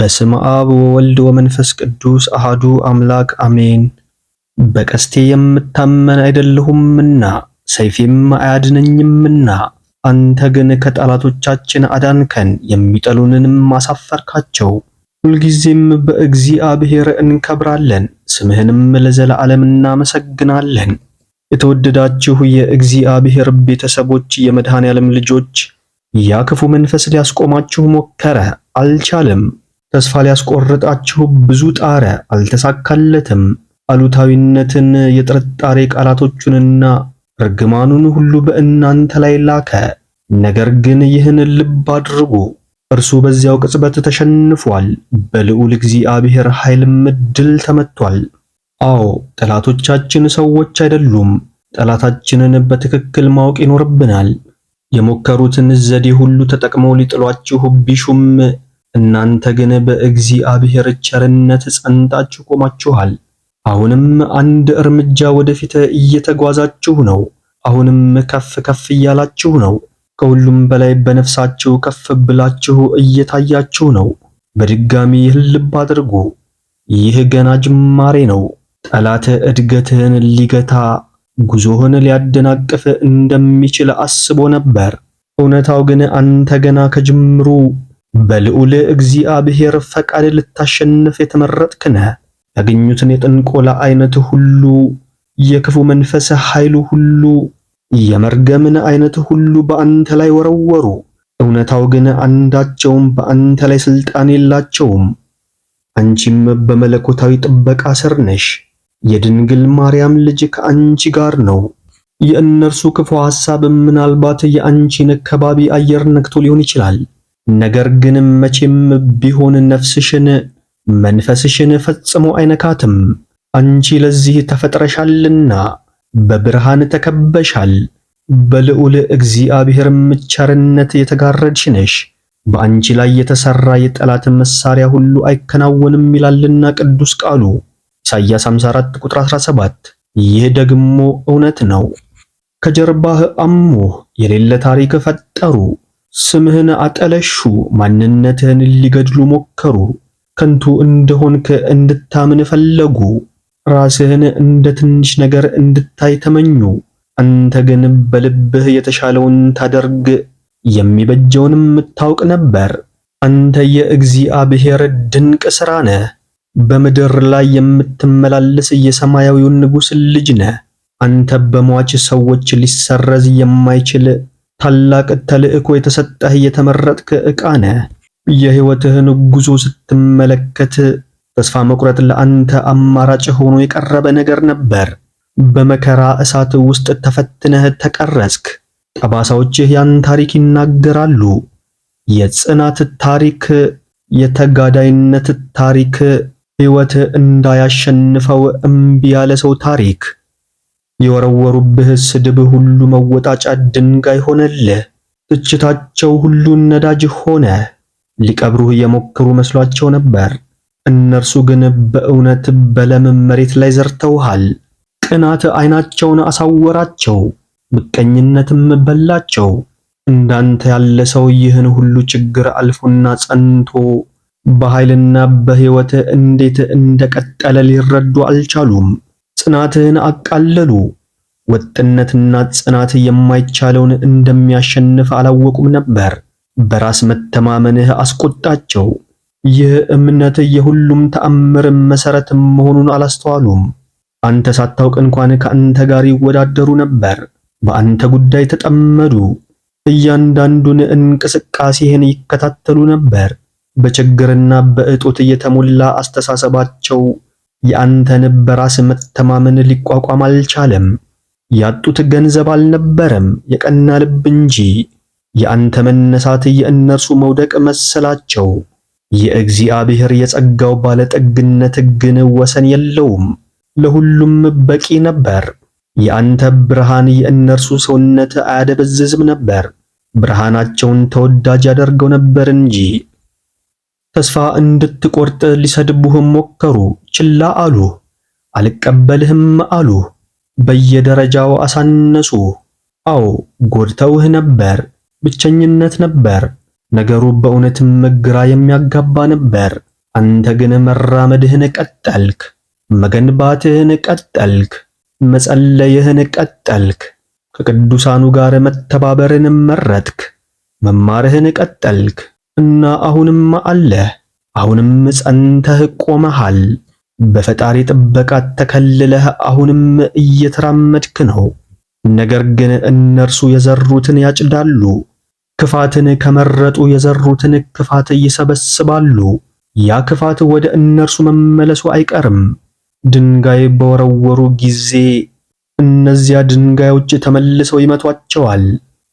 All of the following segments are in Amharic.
በስም አብ ወወልድ ወመንፈስ ቅዱስ አሃዱ አምላክ አሜን። በቀስቴ የምታመን አይደለሁምና ሰይፌም አያድነኝምና አንተ ግን ከጠላቶቻችን አዳንከን፣ የሚጠሉንንም አሳፈርካቸው። ሁልጊዜም በእግዚአብሔር እንከብራለን፣ ስምህንም ለዘላለም እናመሰግናለን። የተወደዳችሁ የእግዚአብሔር ቤተሰቦች፣ የመድኃኔ ዓለም ልጆች፣ ያ ክፉ መንፈስ ሊያስቆማችሁ ሞከረ፣ አልቻለም። ተስፋ ሊያስቆርጣችሁ ብዙ ጣረ፣ አልተሳካለትም። አሉታዊነትን፣ የጥርጣሬ ቃላቶቹንና እርግማኑን ሁሉ በእናንተ ላይ ላከ። ነገር ግን ይህን ልብ አድርጉ፣ እርሱ በዚያው ቅጽበት ተሸንፏል፣ በልዑል እግዚአብሔር ኃይልም ድል ተመቷል። አዎ ጠላቶቻችን ሰዎች አይደሉም። ጠላታችንን በትክክል ማወቅ ይኖርብናል። የሞከሩትን ዘዴ ሁሉ ተጠቅመው ሊጥሏችሁ ቢሹም እናንተ ግን በእግዚአብሔር ቸርነት ጸንታችሁ ቆማችኋል። አሁንም አንድ እርምጃ ወደፊት እየተጓዛችሁ ነው። አሁንም ከፍ ከፍ እያላችሁ ነው። ከሁሉም በላይ በነፍሳችሁ ከፍ ብላችሁ እየታያችሁ ነው። በድጋሚ ልብ አድርጉ። ይህ ገና ጅማሬ ነው። ጠላት እድገትህን ሊገታ ጉዞህን ሊያደናቅፍ እንደሚችል አስቦ ነበር። እውነታው ግን አንተ ገና ከጅምሩ በልዑል እግዚአብሔር ፈቃድ ልታሸንፍ የተመረጥክ ነህ። ያገኙትን የጥንቆላ አይነት ሁሉ፣ የክፉ መንፈስ ኃይሉ ሁሉ፣ የመርገምን አይነት ሁሉ በአንተ ላይ ወረወሩ። እውነታው ግን አንዳቸውም በአንተ ላይ ስልጣን የላቸውም። አንቺም በመለኮታዊ ጥበቃ ስር ነሽ። የድንግል ማርያም ልጅ ከአንቺ ጋር ነው። የእነርሱ ክፉ ሐሳብ ምናልባት የአንቺን ከባቢ አየር ነክቶ ሊሆን ይችላል። ነገር ግን መቼም ቢሆን ነፍስሽን መንፈስሽን ፈጽሞ አይነካትም። አንቺ ለዚህ ተፈጥረሻልና በብርሃን ተከበሻል። በልዑል እግዚአብሔርም ቸርነት የተጋረድሽ ነሽ። በአንቺ ላይ የተሰራ የጠላት መሳሪያ ሁሉ አይከናወንም ይላልና ቅዱስ ቃሉ ኢሳይያስ 54 ቁጥር 17። ይህ ደግሞ እውነት ነው። ከጀርባህ አሙህ የሌለ ታሪክ ፈጠሩ። ስምህን አጠለሹ፣ ማንነትህን ሊገድሉ ሞከሩ፣ ከንቱ እንደሆንክ እንድታምን ፈለጉ፣ ራስህን እንደ ትንሽ ነገር እንድታይ ተመኙ። አንተ ግን በልብህ የተሻለውን ታደርግ የሚበጀውን የምታውቅ ነበር። አንተ የእግዚአብሔር ድንቅ ሥራ ነህ። በምድር ላይ የምትመላለስ የሰማያዊው ንጉሥ ልጅ ነህ። አንተ በሟች ሰዎች ሊሰረዝ የማይችል ታላቅ ተልእኮ የተሰጠህ የተመረጥክ ዕቃ ነህ። የህይወትህን ጉዞ ስትመለከት ተስፋ መቁረጥ ለአንተ አማራጭ ሆኖ የቀረበ ነገር ነበር። በመከራ እሳት ውስጥ ተፈትነህ ተቀረጽክ። ጠባሳዎችህ ያን ታሪክ ይናገራሉ። የጽናት ታሪክ፣ የተጋዳይነት ታሪክ፣ ህይወት እንዳያሸንፈው እምቢ ያለ ሰው ታሪክ። የወረወሩብህ ስድብ ሁሉ መወጣጫ ድንጋይ ሆነልህ። ትችታቸው ሁሉ ነዳጅ ሆነ። ሊቀብሩህ የሞከሩ መስሏቸው ነበር። እነርሱ ግን በእውነት በለም መሬት ላይ ዘርተውሃል። ቅናት አይናቸውን አሳወራቸው፣ ምቀኝነትም በላቸው። እንዳንተ ያለ ሰው ይህን ሁሉ ችግር አልፎና ጸንቶ በኃይልና በሕይወት እንዴት እንደቀጠለ ሊረዱ አልቻሉም። ጽናትህን አቃለሉ። ወጥነትና ጽናት የማይቻለውን እንደሚያሸንፍ አላወቁም ነበር። በራስ መተማመንህ አስቆጣቸው። ይህ እምነት የሁሉም ተአምር መሰረት መሆኑን አላስተዋሉም። አንተ ሳታውቅ እንኳን ከአንተ ጋር ይወዳደሩ ነበር። በአንተ ጉዳይ ተጠመዱ። እያንዳንዱን እንቅስቃሴህን ይከታተሉ ነበር። በችግርና በእጦት የተሞላ አስተሳሰባቸው የአንተን በራስ መተማመን ሊቋቋም አልቻለም። ያጡት ገንዘብ አልነበረም የቀና ልብ እንጂ። የአንተ መነሳት የእነርሱ መውደቅ መሰላቸው። የእግዚአብሔር የጸጋው ባለጠግነት ግን ወሰን የለውም፣ ለሁሉም በቂ ነበር። የአንተ ብርሃን የእነርሱ ሰውነት አያደበዝዝም ነበር፣ ብርሃናቸውን ተወዳጅ ያደርገው ነበር እንጂ ተስፋ እንድትቆርጥ ሊሰድቡህም ሞከሩ፣ ችላ አሉ! አልቀበልህም አሉ! በየደረጃው አሳነሱ። አዎ ጎድተውህ ነበር። ብቸኝነት ነበር። ነገሩ በእውነትም ግራ የሚያጋባ ነበር። አንተ ግን መራመድህን ቀጠልክ፣ መገንባትህን ቀጠልክ፣ መጸለይህን ቀጠልክ። ከቅዱሳኑ ጋር መተባበርን መረጥክ፣ መማርህን ቀጠልክ። እና አሁንም አለህ። አሁንም ጸንተህ ቆመሃል። በፈጣሪ ጥበቃ ተከልለህ አሁንም እየተራመድክ ነው። ነገር ግን እነርሱ የዘሩትን ያጭዳሉ። ክፋትን ከመረጡ የዘሩትን ክፋት ይሰበስባሉ። ያ ክፋት ወደ እነርሱ መመለሱ አይቀርም። ድንጋይ በወረወሩ ጊዜ እነዚያ ድንጋዮች ተመልሰው ይመቷቸዋል።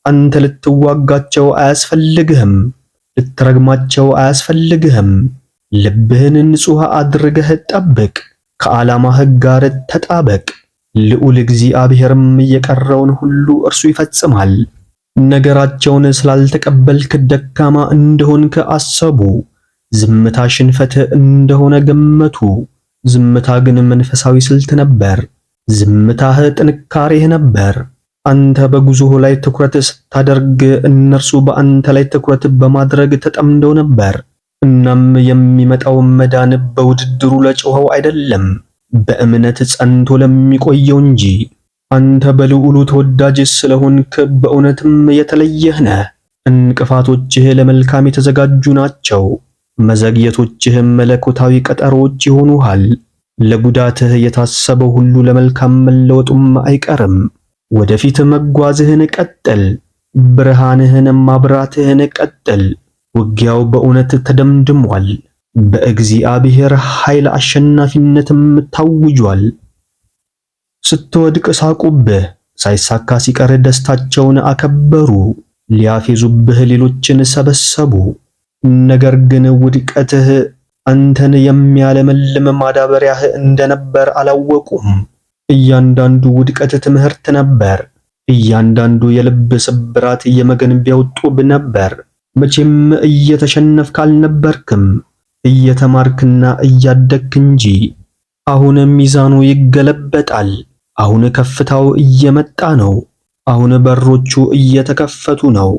አንተ ልትዋጋቸው አያስፈልግህም። ልትረግማቸው አያስፈልግህም። ልብህን ንጹህ አድርገህ ጠብቅ፣ ከዓላማህ ጋር ተጣበቅ። ልዑል እግዚአብሔርም የቀረውን ሁሉ እርሱ ይፈጽማል። ነገራቸውን ስላልተቀበልክ ደካማ እንደሆንክ አሰቡ። ዝምታ ሽንፈት እንደሆነ ገመቱ። ዝምታ ግን መንፈሳዊ ስልት ነበር። ዝምታህ ጥንካሬህ ነበር። አንተ በጉዞህ ላይ ትኩረት ስታደርግ እነርሱ በአንተ ላይ ትኩረት በማድረግ ተጠምደው ነበር። እናም የሚመጣው መዳን በውድድሩ ለጮኸው አይደለም፣ በእምነት ጸንቶ ለሚቆየው እንጂ። አንተ በልዑሉ ተወዳጅ ስለሆንክ በእውነትም የተለየህ ነህ። እንቅፋቶችህ ለመልካም የተዘጋጁ ናቸው። መዘግየቶችህም መለኮታዊ ቀጠሮዎች ይሆኑሃል። ለጉዳትህ የታሰበው ሁሉ ለመልካም መለወጡም አይቀርም። ወደፊት መጓዝህን ቀጥል፣ ብርሃንህን ማብራትህን ቀጥል። ውጊያው በእውነት ተደምድሟል። በእግዚአብሔር ኃይል አሸናፊነትም ታውጇል። ስትወድቅ ሳቁብህ፣ ሳይሳካ ሲቀር ደስታቸውን አከበሩ። ሊያፌዙብህ ሌሎችን ሰበሰቡ። ነገር ግን ውድቀትህ አንተን የሚያለመልም ማዳበሪያህ እንደነበር አላወቁም። እያንዳንዱ ውድቀት ትምህርት ነበር። እያንዳንዱ የልብ ስብራት የመገንቢያው ጡብ ነበር። መቼም እየተሸነፍክ አልነበርክም፣ እየተማርክና እያደግክ እንጂ። አሁን ሚዛኑ ይገለበጣል። አሁን ከፍታው እየመጣ ነው። አሁን በሮቹ እየተከፈቱ ነው።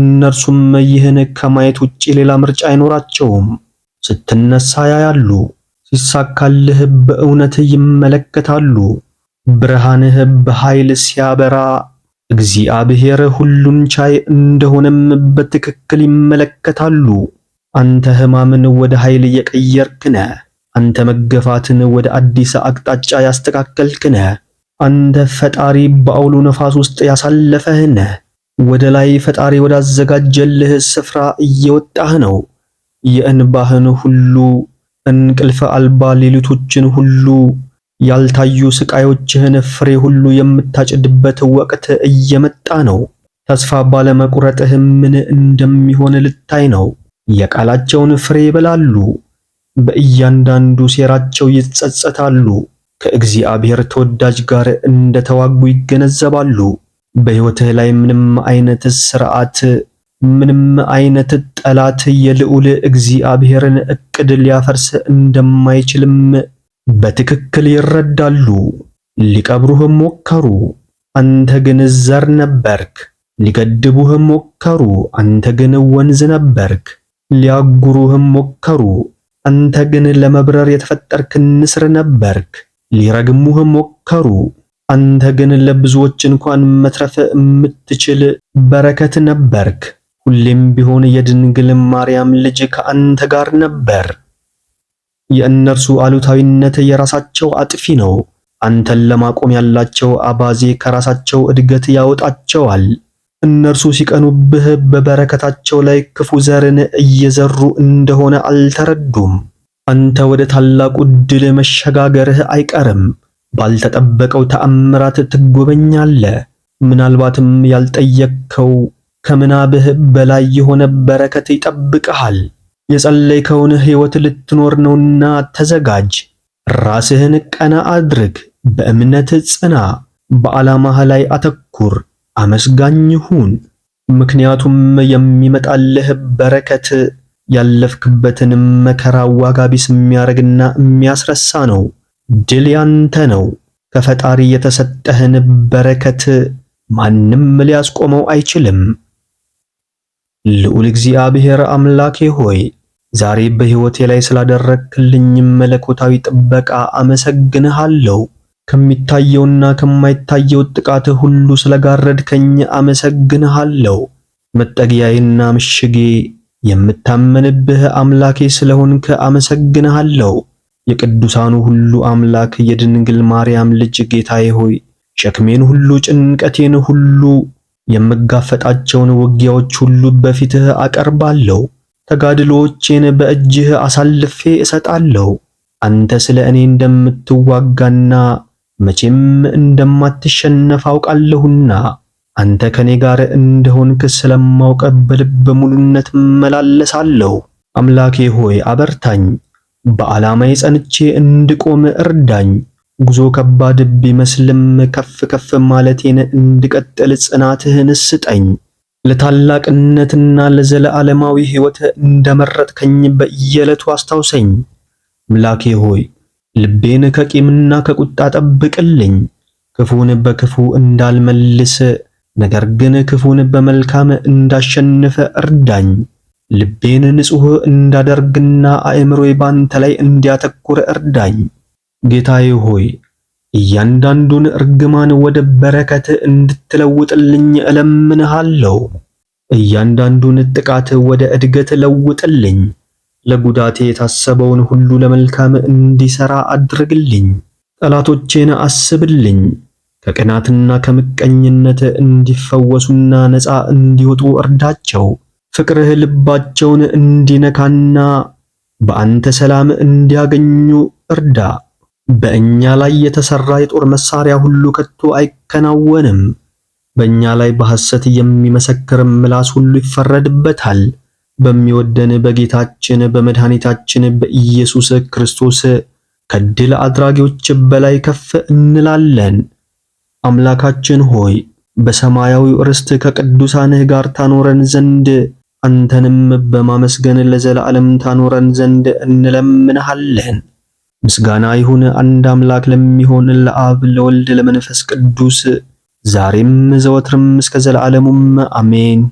እነርሱም ይህን ከማየት ውጪ ሌላ ምርጫ አይኖራቸውም። ስትነሳ ያያሉ፣ ሲሳካልህ በእውነት ይመለከታሉ። ብርሃንህ በኃይል ሲያበራ እግዚአብሔር ሁሉን ቻይ እንደሆነም በትክክል ይመለከታሉ። አንተ ሕማምን ወደ ኃይል የቀየርክ ነህ። አንተ መገፋትን ወደ አዲስ አቅጣጫ ያስተካከልክ ነህ። አንተ ፈጣሪ በአውሎ ነፋስ ውስጥ ያሳለፈህ ነህ። ወደ ላይ ፈጣሪ ወዳዘጋጀልህ ስፍራ እየወጣህ ነው። የእንባህን ሁሉ እንቅልፍ አልባ ሌሊቶችን ሁሉ ያልታዩ ስቃዮችህን ፍሬ ሁሉ የምታጭድበት ወቅት እየመጣ ነው። ተስፋ ባለመቁረጥህ ምን እንደሚሆን ልታይ ነው። የቃላቸውን ፍሬ ይበላሉ፣ በእያንዳንዱ ሴራቸው ይጸጸታሉ። ከእግዚአብሔር ተወዳጅ ጋር እንደተዋጉ ይገነዘባሉ። በሕይወትህ ላይ ምንም አይነት ስርዓት፣ ምንም አይነት ጠላት የልዑል እግዚአብሔርን እቅድ ሊያፈርስ እንደማይችልም በትክክል ይረዳሉ። ሊቀብሩህም ሞከሩ፣ አንተ ግን ዘር ነበርክ። ሊገድቡህም ሞከሩ፣ አንተ ግን ወንዝ ነበርክ። ሊያጉሩህም ሞከሩ፣ አንተ ግን ለመብረር የተፈጠርክ ንስር ነበርክ። ሊረግሙህም ሞከሩ፣ አንተ ግን ለብዙዎች እንኳን መትረፍ የምትችል በረከት ነበርክ። ሁሌም ቢሆን የድንግል ማርያም ልጅ ከአንተ ጋር ነበር። የእነርሱ አሉታዊነት የራሳቸው አጥፊ ነው። አንተን ለማቆም ያላቸው አባዜ ከራሳቸው እድገት ያወጣቸዋል። እነርሱ ሲቀኑብህ በበረከታቸው ላይ ክፉ ዘርን እየዘሩ እንደሆነ አልተረዱም። አንተ ወደ ታላቁ ድል መሸጋገርህ አይቀርም። ባልተጠበቀው ተአምራት ትጎበኛለህ። ምናልባትም ያልጠየቅከው ከምናብህ በላይ የሆነ በረከት ይጠብቃል። የጸለይከውን ሕይወት ልትኖር ነውና ተዘጋጅ። ራስህን ቀና አድርግ። በእምነት ጽና። በዓላማህ ላይ አተኩር። አመስጋኝ ሁን። ምክንያቱም የሚመጣልህ በረከት ያለፍክበትን መከራ ዋጋ ቢስ የሚያደርግና የሚያስረሳ ነው። ድል ያንተ ነው። ከፈጣሪ የተሰጠህን በረከት ማንም ሊያስቆመው አይችልም። ልዑል እግዚአብሔር አምላኬ ሆይ ዛሬ በሕይወቴ ላይ ስላደረክልኝ መለኮታዊ ጥበቃ አመሰግንሃለሁ። ከሚታየውና ከማይታየው ጥቃት ሁሉ ስለጋረድከኝ አመሰግንሃለሁ። መጠጊያዬና ምሽጌ የምታመንብህ አምላኬ ስለሆንክ አመሰግንሃለሁ። የቅዱሳኑ ሁሉ አምላክ የድንግል ማርያም ልጅ ጌታዬ ሆይ ሸክሜን ሁሉ ጭንቀቴን ሁሉ የምጋፈጣቸውን ውጊያዎች ሁሉ በፊትህ አቀርባለሁ። ተጋድሎዎችን በእጅህ አሳልፌ እሰጣለሁ። አንተ ስለ እኔ እንደምትዋጋና መቼም እንደማትሸነፍ አውቃለሁና አንተ ከኔ ጋር እንደሆንክ ስለማውቅ በልበ ሙሉነት መላለሳለሁ። አምላኬ ሆይ አበርታኝ፣ በዓላማዬ ጸንቼ እንድቆም እርዳኝ። ጉዞ ከባድ ቢመስልም ከፍ ከፍ ማለቴን እንድቀጥል ጽናትህን ስጠኝ። ለታላቅነትና ለዘለዓለማዊ ሕይወት እንደመረጥከኝ በየዕለቱ አስታውሰኝ። አምላኬ ሆይ ልቤን ከቂምና ከቁጣ ጠብቅልኝ። ክፉን በክፉ እንዳልመልስ፣ ነገር ግን ክፉን በመልካም እንዳሸንፈ እርዳኝ። ልቤን ንጹሕ እንዳደርግና አእምሮዬ ባንተ ላይ እንዲያተኩር እርዳኝ። ጌታዬ ሆይ እያንዳንዱን እርግማን ወደ በረከት እንድትለውጥልኝ እለምንሃለሁ። እያንዳንዱን ጥቃት ወደ እድገት ለውጥልኝ። ለጉዳቴ የታሰበውን ሁሉ ለመልካም እንዲሰራ አድርግልኝ። ጠላቶቼን አስብልኝ። ከቅናትና ከምቀኝነት እንዲፈወሱና ነፃ እንዲወጡ እርዳቸው። ፍቅርህ ልባቸውን እንዲነካና በአንተ ሰላም እንዲያገኙ እርዳ። በእኛ ላይ የተሰራ የጦር መሳሪያ ሁሉ ከቶ አይከናወንም። በእኛ ላይ በሐሰት የሚመሰክር ምላስ ሁሉ ይፈረድበታል። በሚወደን በጌታችን በመድኃኒታችን በኢየሱስ ክርስቶስ ከድል አድራጊዎች በላይ ከፍ እንላለን። አምላካችን ሆይ በሰማያዊው ርስት ከቅዱሳንህ ጋር ታኖረን ዘንድ አንተንም በማመስገን ለዘላለም ታኖረን ዘንድ እንለምንሃለን። ምስጋና ይሁን አንድ አምላክ ለሚሆን ለአብ ለወልድ ለመንፈስ ቅዱስ ዛሬም ዘወትርም እስከ ዘለዓለሙም አሜን።